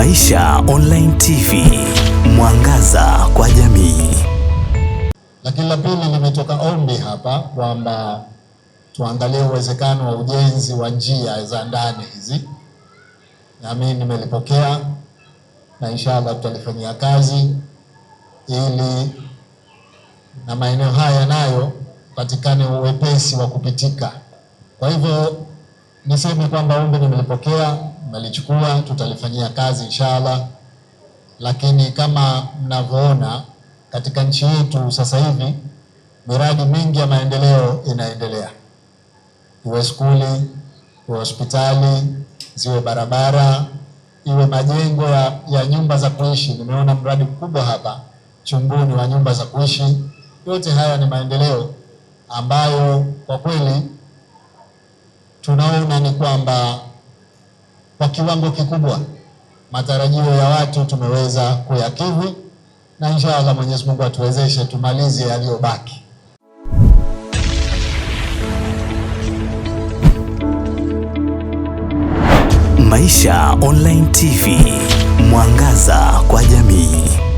Maisha Online TV, mwangaza kwa jamii. Lakini la pili, limetoka ombi hapa kwamba tuangalie uwezekano wa ujenzi wa njia za ndani hizi, mimi nimelipokea na inshallah tutalifanyia kazi ili na maeneo haya nayo patikane uwepesi wa kupitika. Kwa hivyo niseme kwamba ombi nimelipokea mmelichukua, tutalifanyia kazi inshallah. Lakini kama mnavyoona katika nchi yetu sasa hivi miradi mingi ya maendeleo inaendelea, iwe skuli, iwe hospitali, ziwe barabara, iwe majengo ya, ya nyumba za kuishi. Nimeona mradi mkubwa hapa Chumbuni wa nyumba za kuishi. Yote haya ni maendeleo ambayo kwa kweli tunaona ni kwamba kwa kiwango kikubwa matarajio ya watu tumeweza kuyakidhi, na inshallah Mwenyezi Mungu atuwezeshe tumalize yaliyobaki. Maisha Online TV, mwangaza kwa jamii.